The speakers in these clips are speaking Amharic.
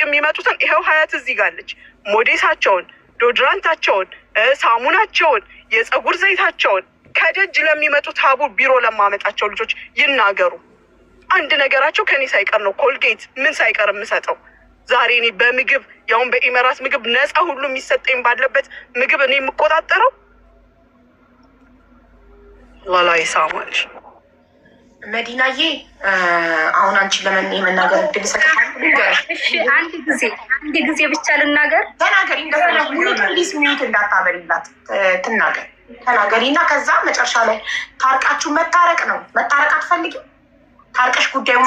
የሚመጡትን ይኸው ሀያት እዚህ ጋለች። ሞዴሳቸውን፣ ዶድራንታቸውን፣ ሳሙናቸውን፣ የፀጉር ዘይታቸውን ከደጅ ለሚመጡት ሀቡር ቢሮ ለማመጣቸው ልጆች ይናገሩ። አንድ ነገራቸው ከኔ ሳይቀር ነው። ኮልጌት ምን ሳይቀር የምሰጠው ዛሬ እኔ በምግብ ያሁን በኢመራት ምግብ ነፃ ሁሉ የሚሰጠኝ ባለበት ምግብ እኔ የምቆጣጠረው ላላይ ሳማች መዲናዬ አሁን አንቺ ለመን የመናገር እድል አንድ ጊዜ አንድ ጊዜ ብቻ ልናገር። ተናገሪ፣ ፕሊዝ ሚዩት እንዳታበሪላት ትናገር። ተናገሪ እና ከዛ መጨረሻ ላይ ታርቃችሁ መታረቅ ነው። መታረቅ አትፈልጊም? ታርቀሽ ጉዳዩ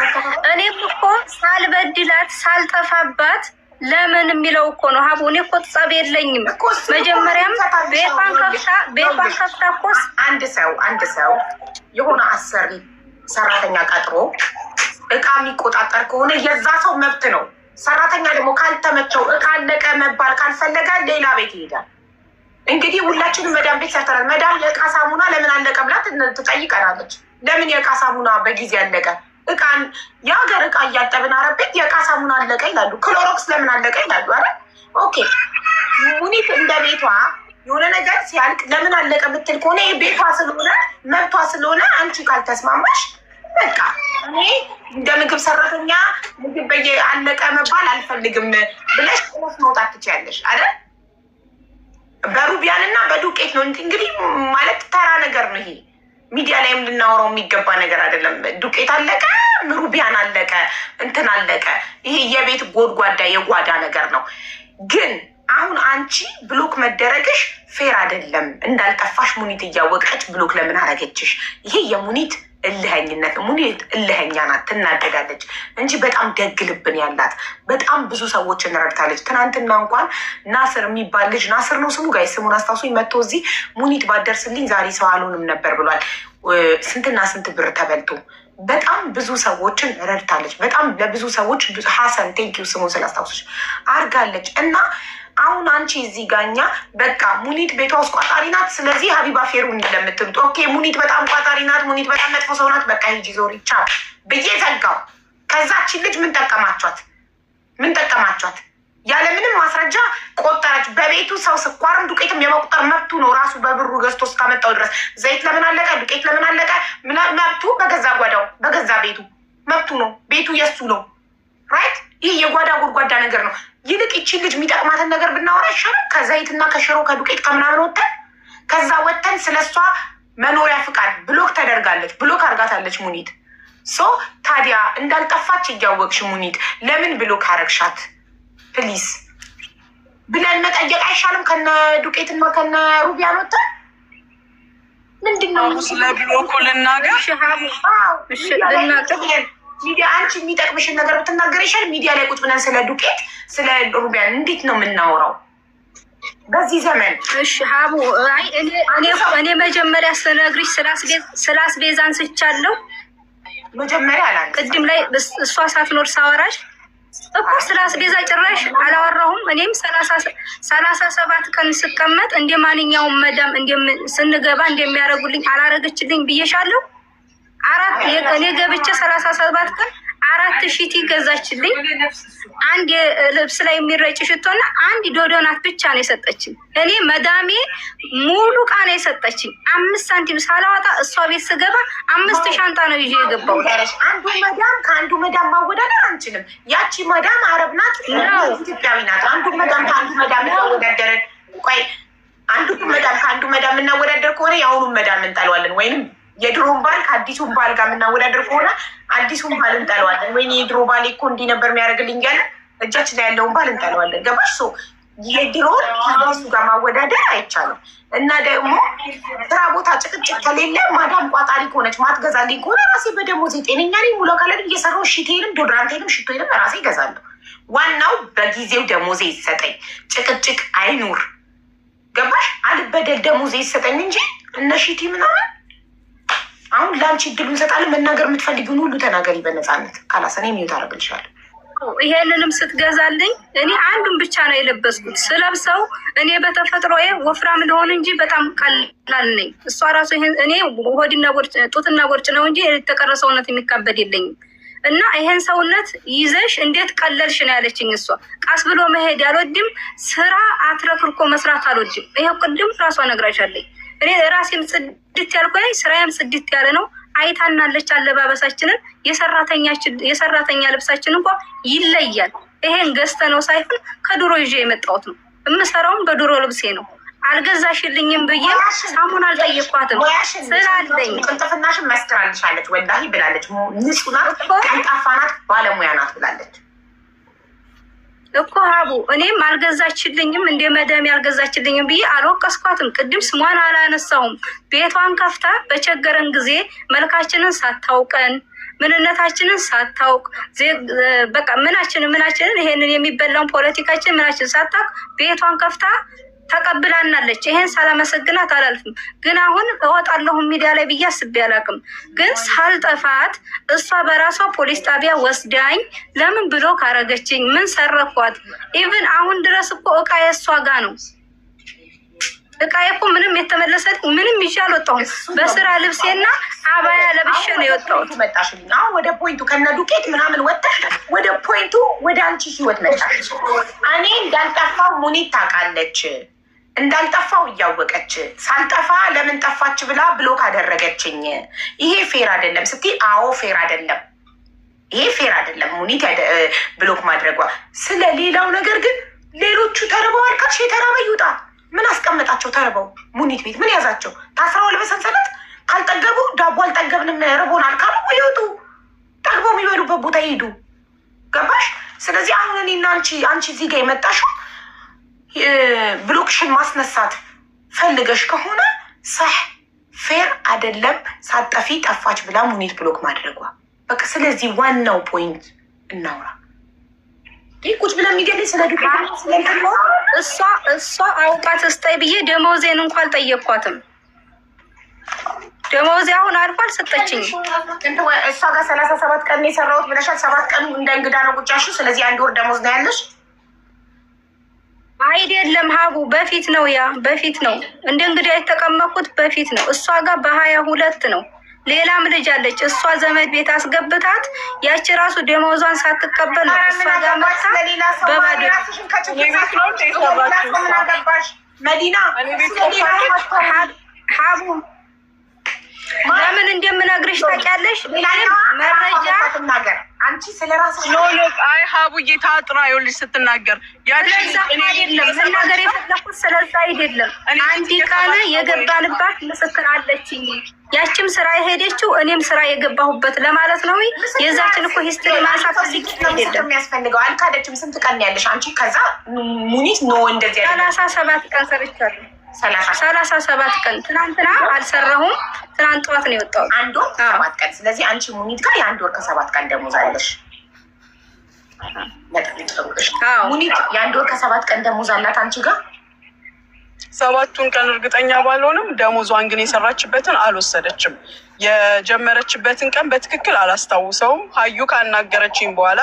እኔም እኮ ሳልበድላት ሳልጠፋባት ለምን የሚለው እኮ ነው ሀቡ። እኔ እኮ ጸብ የለኝም። መጀመሪያም ቤቷን ከፍታ ቤቷን ከፍታ እኮ አንድ ሰው አንድ ሰው የሆነ አሰሪ ሰራተኛ ቀጥሮ እቃ የሚቆጣጠር ከሆነ የዛ ሰው መብት ነው። ሰራተኛ ደግሞ ካልተመቸው እቃ አለቀ መባል ካልፈለገ ሌላ ቤት ይሄዳል። እንግዲህ ሁላችንም መዳም ቤት ሰርተናል። መዳም የእቃ ሳሙና ለምን አለቀ ብላ ትጠይቀናለች። ለምን የእቃ ሳሙና በጊዜ አለቀ? እቃን የሀገር እቃ እያጠብን አረቤት የእቃ ሳሙና አለቀ ይላሉ። ክሎሮክስ ለምን አለቀ ይላሉ። አረ ኦኬ ሙኒት እንደ ቤቷ የሆነ ነገር ሲያልቅ ለምን አለቀ ብትል ከሆነ ይህ ቤቷ ስለሆነ መብቷ ስለሆነ አንቺ ካልተስማማሽ በቃ እኔ እንደ ምግብ ሰራተኛ ምግብ በየ አለቀ መባል አልፈልግም ብለሽ ነት መውጣት ትችያለሽ አይደል? በሩቢያን እና በዱቄት ነው እንግዲህ ማለት ተራ ነገር ነው ይሄ። ሚዲያ ላይ ልናወራው የሚገባ ነገር አይደለም። ዱቄት አለቀ፣ ሩቢያን አለቀ፣ እንትን አለቀ። ይሄ የቤት ጎድጓዳ የጓዳ ነገር ነው ግን አሁን አንቺ ብሎክ መደረግሽ ፌር አይደለም። እንዳልጠፋሽ ሙኒት እያወቀች ብሎክ ለምን አረገችሽ? ይሄ የሙኒት እልኸኝነት ሙኒት እልኸኛ ናት፣ ትናደዳለች እንጂ በጣም ደግ ልብን ያላት በጣም ብዙ ሰዎች እንረድታለች። ትናንትና እንኳን ናስር የሚባል ልጅ ናስር ነው ስሙ ጋይ ስሙን አስታውሶኝ መጥቶ እዚህ ሙኒት ባደርስልኝ ዛሬ ሰው አልሆንም ነበር ብሏል። ስንትና ስንት ብር ተበልቶ በጣም ብዙ ሰዎችን ረድታለች። በጣም ለብዙ ሰዎች ሀሰን ቴንኪው ስሙን ስላስታውሶች አርጋለች እና አሁን አንቺ እዚህ ጋኛ በቃ ሙኒት ቤቷ ውስጥ ቋጣሪ ናት። ስለዚህ ሀቢባ ፌሩ እንደምትምጡ ኦኬ፣ ሙኒት በጣም ቋጣሪ ናት፣ ሙኒት በጣም መጥፎ ሰው ናት፣ በቃ ሂጂ ዞር ይቻል ብዬ ዘጋው። ከዛችን ልጅ ምን ጠቀማቸት? ምን ጠቀማቸት? ያለምንም ማስረጃ ቆጠረች። በቤቱ ሰው ስኳርም ዱቄትም የመቁጠር መብቱ ነው። ራሱ በብሩ ገዝቶ እስካመጣው ድረስ ዘይት ለምን አለቀ፣ ዱቄት ለምን አለቀ፣ መብቱ በገዛ ጓዳው በገዛ ቤቱ መብቱ ነው። ቤቱ የሱ ነው ራይት ይህ የጓዳ ጎድጓዳ ነገር ነው። ይልቅ ይችን ልጅ የሚጠቅማትን ነገር ብናወራ ይሻላል። ከዘይትና ከሽሮ ከዱቄት ከምናምን ወተን ከዛ ወተን ስለሷ መኖሪያ ፍቃድ ብሎክ ተደርጋለች፣ ብሎክ አርጋታለች ሙኒት ሶ ታዲያ እንዳልጠፋች እያወቅሽ ሙኒት ለምን ብሎክ አረግሻት? ፕሊስ ብለን መጠየቅ አይሻልም? ከነ ዱቄትና ከነ ሩቢያን ወተን ምንድን ነው ስለ ብሎኩ ልናገር ሚዲያ አንቺ የሚጠቅምሽን ነገር ብትናገር ይሻል። ሚዲያ ላይ ቁጭ ብለን ስለ ዱቄት ስለ ሩቢያን እንዴት ነው የምናወራው? በዚህ ዘመን ሀቡ እኔ መጀመሪያ ስነግሪሽ ስለ አስቤዛ አንስቻለሁ። መጀመሪያ አላ ቅድም ላይ እሷ ሳትኖር ሳወራሽ እኮ ስለ ጭራሽ አላወራሁም። እኔም ሰላሳ ሰባት ቀን ስቀመጥ እንደ ማንኛውም መዳም ስንገባ እንደሚያደርጉልኝ አላረገችልኝ ብዬሻለሁ። አራት የቀን ገብቼ ሰላሳ ሰባት ቀን አራት ሺቲ ገዛችልኝ። አንድ ልብስ ላይ የሚረጭ ሽቶና አንድ ዶዶናት ብቻ ነው የሰጠችኝ። እኔ መዳሜ ሙሉ ዕቃ ነው የሰጠችኝ። አምስት ሳንቲም ሳላዋጣ እሷ ቤት ስገባ አምስት ሻንጣ ነው ይዤ የገባው። አንዱ መዳም ከአንዱ መዳም ማወዳደር አንችልም። ያቺ መዳም አረብ ናት፣ ኢትዮጵያዊ ናት። አንዱ መዳም ከአንዱ መዳም እናወዳደረን። ቆይ አንዱ መዳም ከአንዱ መዳም እናወዳደር ከሆነ የአሁኑን መዳም እንጠለዋለን ወይንም የድሮን ባል ከአዲሱን ባል ጋር የምናወዳደር ከሆነ አዲሱን ባል እንጠለዋለን። ወይ የድሮ ባል እኮ እንዲህ ነበር የሚያደርግልኝ ያለ እጃችን ላይ ያለውን ባል እንጠለዋለን። ገባሽ? ሶ የድሮን ከሱ ጋር ማወዳደር አይቻልም። እና ደግሞ ስራ ቦታ ጭቅጭቅ ከሌለ ማዳም ቋጣሪ ከሆነች ማትገዛልኝ ከሆነ ራሴ በደሞዝ ጤነኛ ሙሉ ካለን እየሰራው ሽቴንም ዶድራንቴንም ሽቶንም ራሴ ይገዛለሁ። ዋናው በጊዜው ደሞዜ ይሰጠኝ፣ ጭቅጭቅ አይኑር። ገባሽ? አልበደል ደሞዜ ይሰጠኝ እንጂ እነ ሽቲ ምናምን አሁን ለአንቺ እድሉ እንሰጣለን። መናገር የምትፈልጊውን ሁሉ ተናገሪ በነፃነት። ካላሰኔ ሚዩት አደርግልሻለሁ። ይሄንንም ስትገዛልኝ እኔ አንዱን ብቻ ነው የለበስኩት። ስለብሰው እኔ በተፈጥሮዬ ወፍራም ልሆን እንጂ በጣም ቀላል ነኝ። እሷ ራሱ እኔ ሆድና ጎርጭ ጡትና ጎርጭ ነው እንጂ የተቀረ ሰውነት የሚካበድ የለኝም። እና ይሄን ሰውነት ይዘሽ እንዴት ቀለልሽ ነው ያለችኝ። እሷ ቃስ ብሎ መሄድ አልወድም፣ ስራ አትረፍርኮ መስራት አልወድም። ይሄ ቅድም ራሷ ነግራሻለኝ። እኔ ራሴም ጽድት ያልኩ ስራዬም ጽድት ያለ ነው። አይታናለች። አለባበሳችንን የሰራተኛ ልብሳችን እንኳ ይለያል። ይሄን ገዝተ ነው ሳይሆን ከድሮ ይዤ የመጣሁት ነው። የምሰራውም በድሮ ልብሴ ነው። አልገዛሽልኝም ብዬ ሳሙን አልጠየኳትም ስላለኝ ቅልጥፍናሽን መስክራልሻለች። ወላሂ ብላለች። ንጹህ ናት፣ ቀልጣፋ ናት፣ ባለሙያ ናት ብላለች። እኮ ሀቡ እኔም አልገዛችልኝም እንደ መደም ያልገዛችልኝም ብዬ አልወቀስኳትም። ቅድም ስሟን አላነሳውም። ቤቷን ከፍታ በቸገረን ጊዜ መልካችንን ሳታውቀን ምንነታችንን ሳታውቅ በቃ ምናችንን ምናችንን ይሄንን የሚበላውን ፖለቲካችን ምናችን ሳታውቅ ቤቷን ከፍታ ተቀብላናለች። ይሄን ሳላመሰግናት አላልፍም። ግን አሁን እወጣለሁ ሚዲያ ላይ ብዬ አስቤ አላቅም። ግን ሳልጠፋት እሷ በራሷ ፖሊስ ጣቢያ ወስዳኝ ለምን ብሎ ካረገችኝ ምን ሰረኳት? ኢቭን አሁን ድረስ እኮ እቃ የእሷ ጋ ነው። እቃ እኮ ምንም የተመለሰ ምንም ይዤ አልወጣሁም። በስራ ልብሴና አባያ ለብሼ ነው የወጣሁት። አሁን ወደ ፖይንቱ ከነ ዱቄት ምናምን ወጥተሽ ወደ ፖይንቱ ወደ አንቺ ህይወት መጣሽ። እኔ እንዳልጠፋው ሙኒት ታውቃለች። እንዳልጠፋው እያወቀች ሳልጠፋ ለምን ጠፋች ብላ ብሎክ አደረገችኝ። ይሄ ፌር አይደለም ስቲ፣ አዎ ፌር አይደለም፣ ይሄ ፌር አይደለም። ሙኒት ብሎክ ማድረጓ። ስለ ሌላው ነገር ግን ሌሎቹ ተርበው አልካሽ የተራበ ይውጣ። ምን አስቀመጣቸው ተርበው? ሙኒት ቤት ምን ያዛቸው? ታስረዋል በሰንሰለት ካልጠገቡ ዳቦ አልጠገብንም ርቦናል ካሉ ይወጡ። ጠግቦ የሚበሉበት ቦታ ይሄዱ። ገባሽ? ስለዚህ አሁን እኔና አንቺ አንቺ እዚህ ጋር የመጣሽው ብሎክሽን ማስነሳት ፈልገሽ ከሆነ ሳህ ፌር አይደለም። ሳጠፊ ጠፋች ብላ ሙኒት ብሎክ ማድረጓ በቃ። ስለዚህ ዋናው ፖይንት እናውራ። ቁጭ ብለ የሚገል ስለ እሷ እሷ አውቃት እስታይ ብዬ ደመወዜን እንኳ አልጠየኳትም። ደመወዜ አሁን አልፏል ሰጠችኝ። እሷ ጋር ሰላሳ ሰባት ቀን የሰራሁት ብለሻል። ሰባት ቀን እንደ እንግዳ ነው ቁጫሹ። ስለዚህ አንድ ወር ደመወዝ ነው ያለሽ አይደለም ሀቡ በፊት ነው ያ በፊት ነው እንደ እንግዲህ የተቀመጥኩት በፊት ነው። እሷ ጋር በሀያ ሁለት ነው። ሌላም ልጅ አለች እሷ ዘመድ ቤት አስገብታት ያቺ ራሱ ደመወዟን ሳትቀበል ነው እሷ ጋር መታ በባዶ ሀቡ ለምን እንደምነግርሽ ታውቂያለሽ? መረጃ ትናገር አንቺ ሀቡዬ ታጥራ ይኸውልሽ ስትናገር አይደለም አንድ ቀን የገባንባት ምስክር አለችኝ። ያችም ስራ የሄደችው እኔም ስራ የገባሁበት ለማለት ነው። የዛችን እኮ ሂስትሪ ማንሳት የሚያስፈልገው አልካደችም። ስንት ቀን ያለሽ አንቺ? ከዛ ሙኒት ኖ እንደዚህ ሰላሳ ሰባት ቀን ሰርቻለሁ ሰላሳ ሰባት ቀን ትናንትና አልሰራሁም። ትናንት ጠዋት ነው የወጣሁት። አንድ ወር ሰባት ቀን። ስለዚህ አንቺ ሙኒት ጋር የአንድ ወር ከሰባት ቀን ደሞዝ አለሽ። ሙኒት የአንድ ወር ከሰባት ቀን ደሞዝ አላት አንቺ ጋር። ሰባቱን ቀን እርግጠኛ ባልሆንም ደሞዟን ግን የሰራችበትን አልወሰደችም። የጀመረችበትን ቀን በትክክል አላስታውሰውም። ሀዩ ካናገረችኝ በኋላ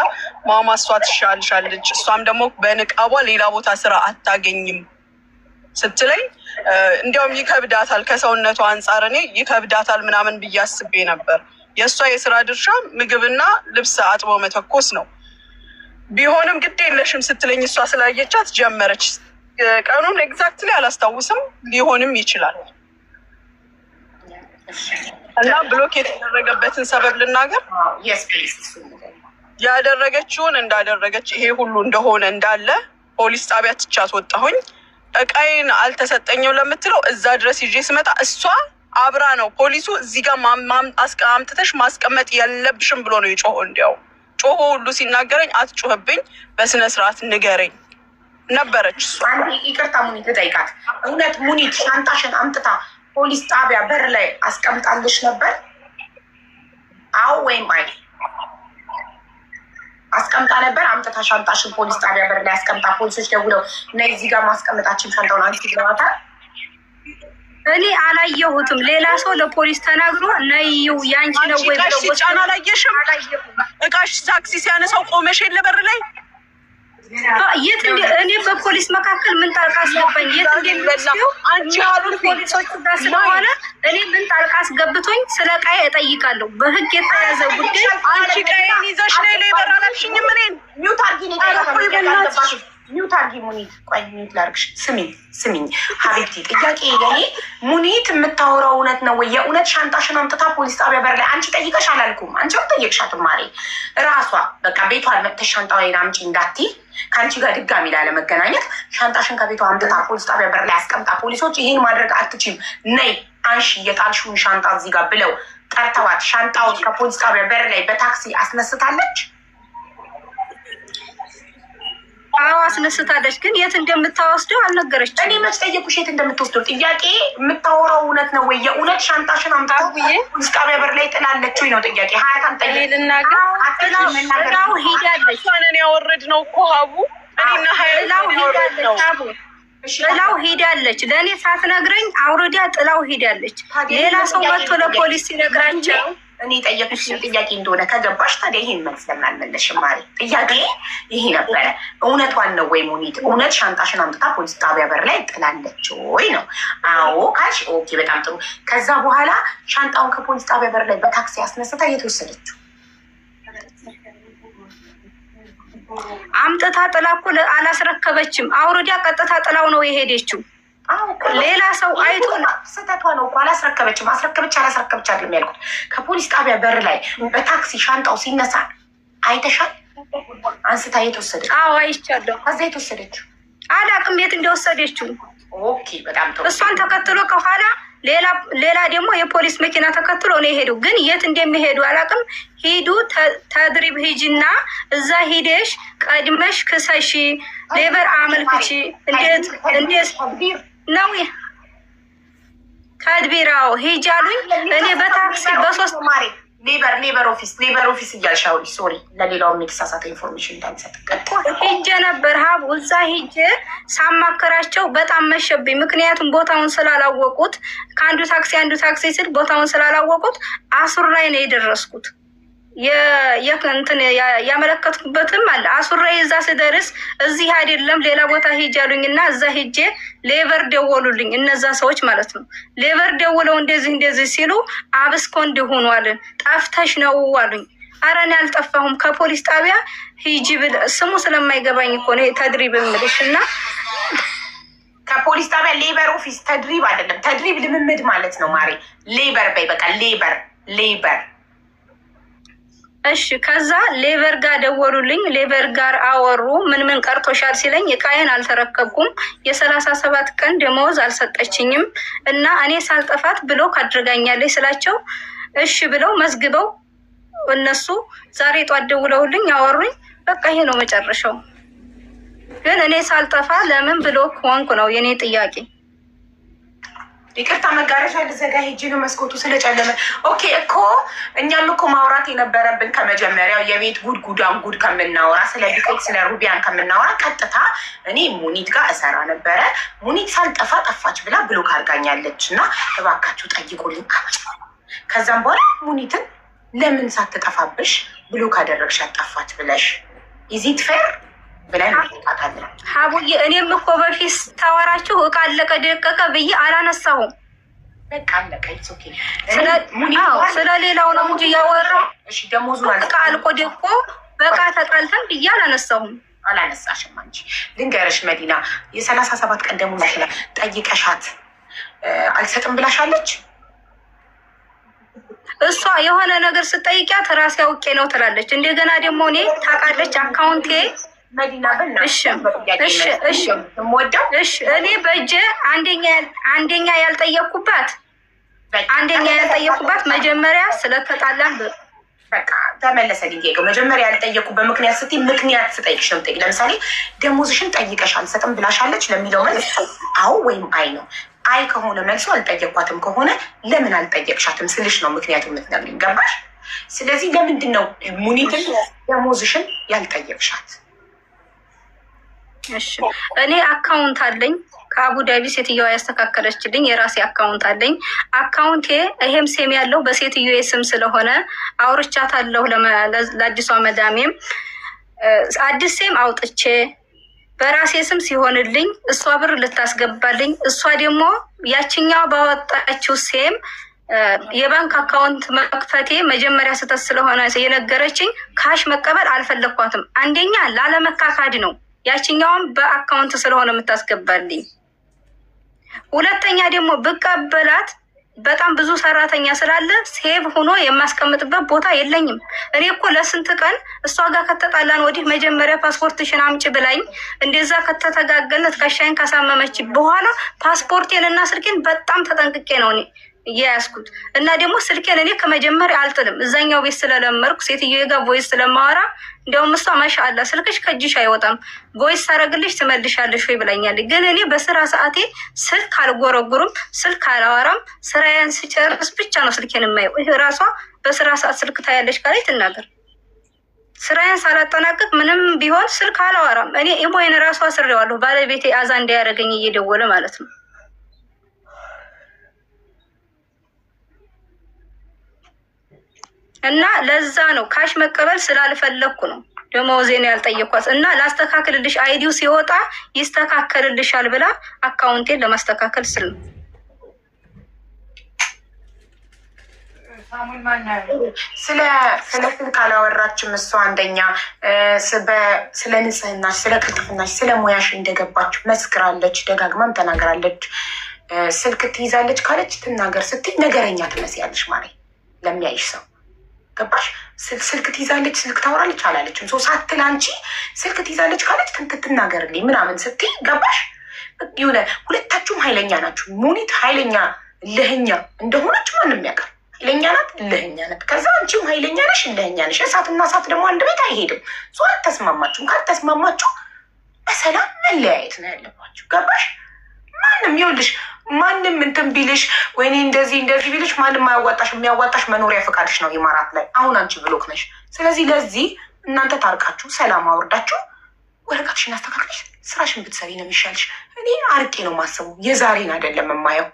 ማማ እሷ ትሻልሻለች፣ እሷም ደግሞ በንቃቧ ሌላ ቦታ ስራ አታገኝም ስትለኝ እንዲያውም ይከብዳታል ከሰውነቷ አንጻር እኔ ይከብዳታል ምናምን ብዬ አስቤ ነበር። የእሷ የስራ ድርሻ ምግብና ልብስ አጥቦ መተኮስ ነው። ቢሆንም ግድ የለሽም ስትለኝ እሷ ስላየቻት ጀመረች። ቀኑን ኤግዛክትሊ አላስታውስም፣ ሊሆንም ይችላል እና ብሎክ የተደረገበትን ሰበብ ልናገር ያደረገችውን እንዳደረገች ይሄ ሁሉ እንደሆነ እንዳለ ፖሊስ ጣቢያ ትቻት ወጣሁኝ። እቃዬን አልተሰጠኝም ለምትለው እዛ ድረስ ይዤ ስመጣ እሷ አብራ ነው ፖሊሱ እዚህ ጋር አምጥተሽ ማስቀመጥ የለብሽም ብሎ ነው የጮሆ። እንዲያው ጮሆ ሁሉ ሲናገረኝ አትጮህብኝ፣ በስነ ስርዓት ንገረኝ ነበረች እሷ። ይቅርታ ሙኒት ተጠይቃት። እውነት ሙኒት ሻንጣሽን አምጥታ ፖሊስ ጣቢያ በር ላይ አስቀምጣልሽ ነበር? አዎ ወይም አይ? አስቀምጣ ነበር። አምጥታ ሻንጣሽን ፖሊስ ጣቢያ በር ላይ አስቀምጣ ፖሊሶች ደውለው እና እዚህ ጋር ማስቀምጣችን ሻንጣውን አንቺ ብለዋታል። እኔ አላየሁትም። ሌላ ሰው ለፖሊስ ተናግሮ ነይው ያንቺ ነው ወይ ብለው ጫና አላየሽም። እቃሽ ታክሲ ሲያነሳው ቆመሽ የለ በር ላይ የት እኔ በፖሊስ መካከል ምን ጣልቃ አስገባኝ? የት እንደሚወስደው ፖሊሶቹ ጋር ስለሆነ እኔ ምን ጣልቃ አስገብቶኝ ስለ ቃይ እጠይቃለሁ። በህግ የተያዘ ጉዳይ አንቺ ቃይን ይዘሽ ነው የበራላሽኝ። ምንን ሚውት አርጊ ነው ኒውት አድርጊ ሙኒት። ቆይ ኒውት ላድርግሽ። ስሚኝ ስሚኝ ሀቢብቲ ጥያቄ የኔ ሙኒት የምታወራው እውነት ነው ወይ? የእውነት ሻንጣሽን አምጥታ ፖሊስ ጣቢያ በር ላይ አንቺ ጠይቀሽ አላልኩም። አንቺ አልጠየቅሻትም። ማሬ ራሷ በቃ ቤቷ ሻንጣ ወይ አምጪ እንዳቲ ከአንቺ ጋር ድጋሚ ላለመገናኘት ሻንጣሽን ከቤቷ አምጥታ ፖሊስ ጣቢያ በር ላይ አስቀምጣ ፖሊሶች ይሄን ማድረግ አትችም፣ ነይ አንሺ የጣልሽውን ሻንጣ እዚህ ጋር ብለው ጠርተዋት ሻንጣውን ከፖሊስ ጣቢያ በር ላይ በታክሲ አስነስታለች። አዎ አስነስታለች፣ ግን የት እንደምታወስደው አልነገረችም። እኔ መች ጠየቁሽ የት እንደምትወስደው? ጥያቄ የምታወራው እውነት ነው ወይ? የእውነት ሻንጣሽን አምጣ ብዬ ሙዚቃ በር ላይ ጥላለች ነው ጥያቄ። ሀያት አንጠየልናገርው ሄዳለች። ሆነን ያወረድ ነው እኮ ሀቡ እኔና ሀያላው ሄዳለች ነው ጥላው ሄዳለች። ለእኔ ሳትነግረኝ አውርዳ ጥላው ሄዳለች። ሌላ ሰው መጥቶ ለፖሊስ ሲነግራቸው እኔ የጠየኩሽን ጥያቄ እንደሆነ ከገባሽ ታዲያ ይሄን መልስ ለምን አልመለስሽም? ማለት ጥያቄ ይሄ ነበረ። እውነቷን ነው ወይ ሙኒት? እውነት ሻንጣሽን አምጥታ ፖሊስ ጣቢያ በር ላይ ጥላለች ወይ ነው? አዎ ካልሽ ኦኬ፣ በጣም ጥሩ። ከዛ በኋላ ሻንጣውን ከፖሊስ ጣቢያ በር ላይ በታክሲ አስነስታ እየተወሰደችው አምጥታ ጥላ እኮ አላስረከበችም። አውርዳ ቀጥታ ጥላው ነው የሄደችው። ሌላ ሰው አይቶ ስህተቷ ነው እኮ አላስረከበችም። አስረከበች አላስረከበች አይደለም ያልኩት። ከፖሊስ ጣቢያ በር ላይ በታክሲ ሻንጣው ሲነሳ አይተሻል? አንስታ የተወሰደች? አዎ አይቻለሁ። ከዛ የተወሰደችው አላቅም የት እንደወሰደችው። ኦኬ በጣም ጥሩ። እሷን ተከትሎ ከኋላ ሌላ ሌላ ደግሞ የፖሊስ መኪና ተከትሎ ነው የሄዱ። ግን የት እንደሚሄዱ አላቅም። ሂዱ ተድሪብ ሂጂና እዛ ሂደሽ ቀድመሽ ክሰሺ፣ ሌበር አመልክቺ እንዴት እንዴት ነው ተድቢራው ሂጅ አሉኝ። እኔ በታክሲ በሶስት ማሪ ኔበር ኔበር ኦፊስ ኔበር ኦፊስ እያልሻው ሶሪ፣ ለሌላው የሚተሳሳተ ኢንፎርሜሽን እንዳልሰጥ ሂጄ ነበር ሀብ እዛ ሂጄ ሳማከራቸው በጣም መሸብኝ። ምክንያቱም ቦታውን ስላላወቁት ከአንዱ ታክሲ አንዱ ታክሲ ስል ቦታውን ስላላወቁት አሱር ላይ ነው የደረስኩት። የከንትን ያመለከትኩበትም አለ። አሱራ እዛ ስደርስ እዚህ አይደለም ሌላ ቦታ ሂጅ ያሉኝ እና እዛ ሂጄ ሌቨር ደወሉልኝ፣ እነዛ ሰዎች ማለት ነው። ሌቨር ደውለው እንደዚህ እንደዚህ ሲሉ አብስኮ እንደሆኑ አለን ጠፍተሽ ነው አሉኝ። ኧረ እኔ አልጠፋሁም ከፖሊስ ጣቢያ ሂጂ ብል ስሙ ስለማይገባኝ እኮ ነው ተድሪብ የምልሽ እና ከፖሊስ ጣቢያ ሌበር ኦፊስ ተድሪብ አይደለም፣ ተድሪብ ልምምድ ማለት ነው። ማሬ ሌበር በይ በቃ ሌበር ሌበር እሺ ከዛ ሌበር ጋር ደወሉልኝ። ሌበር ጋር አወሩ። ምን ምን ቀርቶሻል ሲለኝ እቃዬን አልተረከብኩም፣ የሰላሳ ሰባት ቀን ደመወዝ አልሰጠችኝም እና እኔ ሳልጠፋት ብሎክ አድርጋኛለች ስላቸው እሺ ብለው መዝግበው እነሱ ዛሬ ጧት ደውለውልኝ አወሩኝ። በቃ ይሄ ነው መጨረሻው። ግን እኔ ሳልጠፋ ለምን ብሎክ ሆንኩ ነው የእኔ ጥያቄ። ይቅርታ መጋረሻ ልዘጋ ሄጄ ነው መስኮቱ ስለጨለመ። ኦኬ እኮ እኛም እኮ ማውራት የነበረብን ከመጀመሪያው የቤት ጉድ ጉዳን ጉድ ከምናወራ ስለ ቢቆት ስለ ሩቢያን ከምናወራ ቀጥታ እኔ ሙኒት ጋር እሰራ ነበረ። ሙኒት ሳልጠፋ ጠፋች ብላ ብሎ ካርጋኛለች እና እባካችሁ ጠይቁልኝ። ከዛም በኋላ ሙኒትን ለምን ሳትጠፋብሽ ብሎ ካደረግሽ አጠፋት ብለሽ ኢዚት ፌር ብለን እንጠይቃታለን። ሀቡዬ እኔም እኮ በፊት ስታወራችሁ እቃ አለቀ ደቀቀ ብዬ አላነሳውም ስለሌላው ነው እንጂ ያወራው እቃ አልቆ ደቆ በቃ ተጣልተን ብዬ አላነሳሁም። አላነሳሽም አንቺ። ልንገርሽ መዲና የሰላሳ ሰባት ቀን ደሞዝ ጠይቀሻት አልሰጥም ብላሻለች። እሷ የሆነ ነገር ስጠይቂያት ራሴ አውቄ ነው ትላለች። እንደገና ደግሞ እኔ ታውቃለች አካውንቴ መዲና እኔ በእጄ አንደኛ ያልጠየኩባት አንደኛ ያልጠየኩባት መጀመሪያ ስለተጣላን ተመለሰ ጌ መጀመሪያ ያልጠየኩበት ምክንያት ስቲ ምክንያት ስጠይቅሽ ነው ለምሳሌ ደሞዝሽን ጠይቀሽ አልሰጥም ብላሻለች ለሚለው መልስ አዎ ወይም አይ ነው። አይ ከሆነ መልሶ አልጠየኳትም ከሆነ ለምን አልጠየቅሻትም ስልሽ ነው ምክንያቱ የምትነግሪኝ። ገባሽ? ስለዚህ ለምንድን ነው ሙኒትን ደሞዝሽን ያልጠየቅሻት? እሺ እኔ አካውንት አለኝ ከአቡዳቢ ሴትዮዋ ያስተካከለችልኝ የራሴ አካውንት አለኝ። አካውንቴ ይሄም ሴም ያለው በሴትዮዋ ስም ስለሆነ አውርቻታለሁ። ለአዲሷ መዳሜም አዲስ ሴም አውጥቼ በራሴ ስም ሲሆንልኝ እሷ ብር ልታስገባልኝ፣ እሷ ደግሞ ያችኛው ባወጣችው ሴም የባንክ አካውንት መክፈቴ መጀመሪያ ስህተት ስለሆነ የነገረችኝ ካሽ መቀበል አልፈለግኳትም። አንደኛ ላለመካካድ ነው። ያችኛውን በአካውንት ስለሆነ የምታስገባልኝ። ሁለተኛ ደግሞ ብቀበላት በጣም ብዙ ሰራተኛ ስላለ ሴቭ ሆኖ የማስቀምጥበት ቦታ የለኝም። እኔ እኮ ለስንት ቀን እሷ ጋር ከተጣላን ወዲህ መጀመሪያ ፓስፖርትሽን አምጪ ብላኝ እንደዛ ከተተጋገነት ከሻይን ካሳመመች በኋላ ፓስፖርቴን እና ስልኬን በጣም ተጠንቅቄ ነው እኔ እያያስኩት እና ደግሞ ስልኬን እኔ ከመጀመሪያ አልጥልም። እዛኛው ቤት ስለለመርኩ ሴትዮ ጋር ቮይስ ስለማወራ እንዲያውም እሷ ማሻአላ ስልክሽ ከእጅሽ አይወጣም ቮይስ ሳረግልሽ ትመልሻለሽ ወይ ብላኛለ ግን እኔ በስራ ሰዓቴ ስልክ አልጎረጉርም፣ ስልክ አላወራም። ስራዬን ስጨርስ ብቻ ነው ስልኬን የማየው። ይህ ራሷ በስራ ሰዓት ስልክ ታያለች ካለች ትናገር። ስራዬን ሳላጠናቅቅ ምንም ቢሆን ስልክ አላወራም። እኔ ኢሞይን ራሷ ስሬዋለሁ ባለቤቴ አዛ እንዳያደረገኝ እየደወለ ማለት ነው። እና ለዛ ነው ካሽ መቀበል ስላልፈለግኩ ነው ደመወዜን ያልጠየኳት እና ላስተካክልልሽ አይዲው ሲወጣ ይስተካከልልሻል ብላ አካውንቴን ለማስተካከል ስል ነው። ስለ ስልክ ካላወራችም እሱ አንደኛ ስለ ንጽህናሽ፣ ስለ ቅልጥፍናሽ፣ ስለ ሙያሽ እንደገባች መስክራለች፣ ደጋግማም ተናግራለች። ስልክ ትይዛለች ካለች ትናገር ስትይ ነገረኛ ትመስያለች ማለት ለሚያይሽ ሰው ገባሽ? ስልክ ትይዛለች፣ ስልክ ታወራለች አላለችም። ሰው ሳትል አንቺ ስልክ ትይዛለች ካለች ትናገርልኝ ምናምን ስትይ ገባሽ? የሆነ ሁለታችሁም ኃይለኛ ናችሁ። ሙኒት ኃይለኛ ልህኛ እንደሆነች ማንም ያውቃል። ኃይለኛ ናት፣ ልህኛ ናት። ከዛ አንቺም ኃይለኛ ነሽ፣ ልህኛ ነሽ። እሳትና እሳት ደግሞ አንድ ቤት አይሄድም። ሰው አልተስማማችሁም። ካልተስማማችሁ በሰላም መለያየት ነው ያለባችሁ። ገባሽ? ማንም ይኸውልሽ፣ ማንም እንትን ቢልሽ ወይኔ እንደዚህ እንደዚህ ቢልሽ ማንም አያዋጣሽ። የሚያዋጣሽ መኖሪያ ፈቃድሽ ነው ኢማራት ላይ አሁን አንቺ ብሎክ ነሽ። ስለዚህ ለዚህ እናንተ ታርቃችሁ ሰላም አውርዳችሁ ወረቀትሽን አስተካክለሽ ስራሽን ብትሰሪ ነው የሚሻልሽ። እኔ አርቄ ነው ማሰቡ፣ የዛሬን አይደለም የማየው።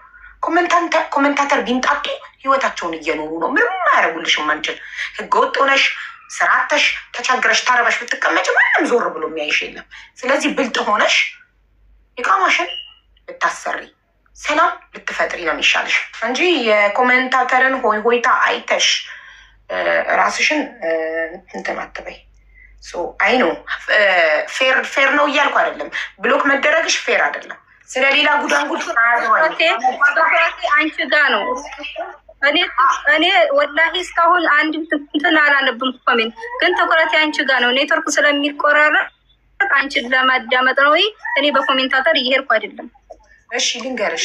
ኮመንታተር ቢንጣጡ ህይወታቸውን እየኖሩ ነው። ምንም አያደርጉልሽም። አንቺን ህገወጥ ሆነሽ ስራተሽ ተቸግረሽ ተረበሽ ብትቀመጭ ማንም ዞር ብሎ የሚያይሽ የለም። ስለዚህ ብልጥ ሆነሽ የቃማሽን ብታሰሪ ሰላም ብትፈጥሪ ነው የሚሻልሽ እንጂ የኮመንታተርን ሆይ ሆይታ አይተሽ ራስሽን እንትን አትበይ። አይ ነው ፌር ነው እያልኩ አይደለም። ብሎክ መደረግሽ ፌር አይደለም። ስለ ሌላ ጉዳንጉድ አንቺ ጋ ነው። እኔ ወላሂ እስካሁን አንድ እንትን አላነብም ኮሜንት ግን ትኩረት አንቺ ጋ ነው። ኔትወርክ ስለሚቆራረጥ አንቺን ለማዳመጥ ነው። እኔ በኮሜንታተር እየሄድኩ አይደለም እሺ ልንገርሽ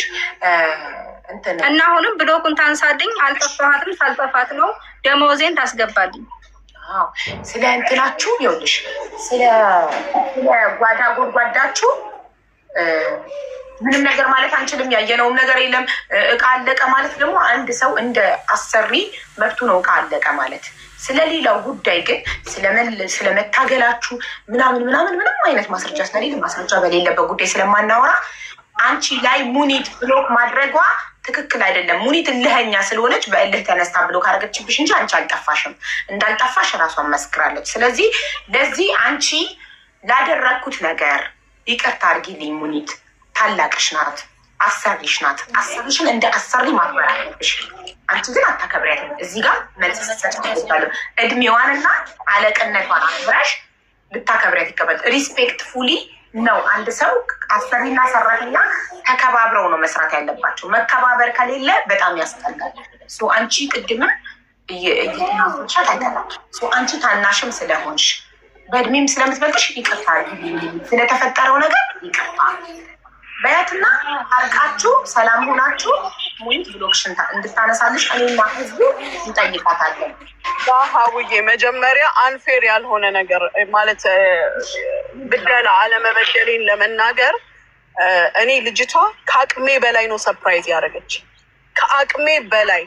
እና አሁንም ብሎኩን ታንሳልኝ። አልጠፋትም ሳልጠፋት ነው ደሞዜን ታስገባልኝ። ስለ እንትናችሁ ይኸውልሽ፣ ስለ ጓዳ ጎድጓዳችሁ ምንም ነገር ማለት አንችልም። ያየነውም ነገር የለም። እቃ አለቀ ማለት ደግሞ አንድ ሰው እንደ አሰሪ መብቱ ነው እቃ አለቀ ማለት። ስለሌላው ጉዳይ ግን ስለመታገላችሁ ምናምን ምናምን ምንም አይነት ማስረጃ ስለሌለ ማስረጃ በሌለበት ጉዳይ ስለማናወራ አንቺ ላይ ሙኒት ብሎክ ማድረጓ ትክክል አይደለም። ሙኒት እልህኛ ስለሆነች በእልህ ተነስታ ብሎክ አደረገችብሽ እንጂ አንቺ አልጠፋሽም። እንዳልጠፋሽ ራሷን መስክራለች። ስለዚህ ለዚህ አንቺ ላደረግኩት ነገር ይቅርታ አድርጊልኝ። ሙኒት ታላቅሽ ናት፣ አሰሪሽ ናት። አሰሪሽን እንደ አሰሪ ማክበር አለብሽ። አንቺ ግን አታከብሪያትም። እዚህ ጋር መልስ ሰጫለ እድሜዋንና አለቅነቷን አክብረሽ ልታከብሪያት ይገባል። ሪስፔክትፉሊ ነው። አንድ ሰው አሰሪና ሰራተኛ ተከባብረው ነው መስራት ያለባቸው። መከባበር ከሌለ በጣም ያስጠላል። አንቺ ቅድምም አንቺ ታናሽም ስለሆንሽ በእድሜም ስለምትበልጥሽ ይቅርታ፣ ስለተፈጠረው ነገር ይቅርታ በያትና አርቃችሁ ሰላም ሆናችሁ ወይም ብሎክሽን እንድታነሳልሽ እኔና ህዝቡ እንጠይቃታለን። ሀውዬ መጀመሪያ አንፌር ያልሆነ ነገር ማለት ብደላ አለመበደሌን ለመናገር እኔ ልጅቷ ከአቅሜ በላይ ነው ሰፕራይዝ ያደረገች ከአቅሜ በላይ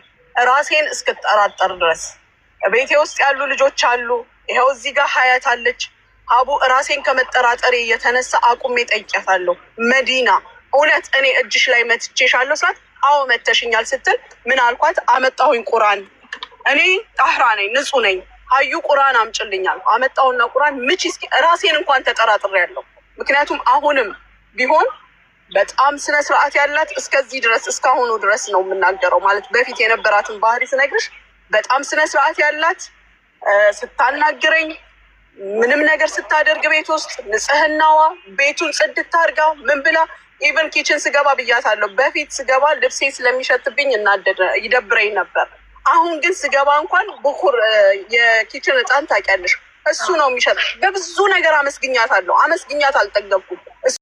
ራሴን እስክጠራጠር ድረስ ቤቴ ውስጥ ያሉ ልጆች አሉ። ይኸው እዚህ ጋር ሀያት አለች። አቡ ራሴን ከመጠራጠሬ የተነሳ አቁሜ ጠይቄያታለሁ። መዲና እውነት እኔ እጅሽ ላይ መትቼሻለሁ ስላት አዎ መተሽኛል ስትል ምን አልኳት? አመጣሁኝ ቁራን እኔ ጣህራ ነኝ ንጹህ ነኝ። ሀዩ ቁራን አምጭልኛል። አመጣውና ቁራን ምች እስኪ ራሴን እንኳን ተጠራጥሬ ያለው ምክንያቱም አሁንም ቢሆን በጣም ስነ ስርዓት ያላት እስከዚህ ድረስ እስካሁኑ ድረስ ነው የምናገረው። ማለት በፊት የነበራትን ባህሪ ስነግርሽ በጣም ስነ ስርዓት ያላት ስታናግረኝ፣ ምንም ነገር ስታደርግ ቤት ውስጥ ንጽህናዋ ቤቱን ጽድት አድርጋ ምን ብላ ኢቨን ኪችን ስገባ ብያታለሁ። በፊት ስገባ ልብሴ ስለሚሸትብኝ እናደደ ይደብረኝ ነበር። አሁን ግን ስገባ እንኳን ብኩር የኪችን እጣን ታውቂያለሽ፣ እሱ ነው የሚሸጥ። በብዙ ነገር አመስግኛታለሁ። አመስግኛት አልጠገብኩም።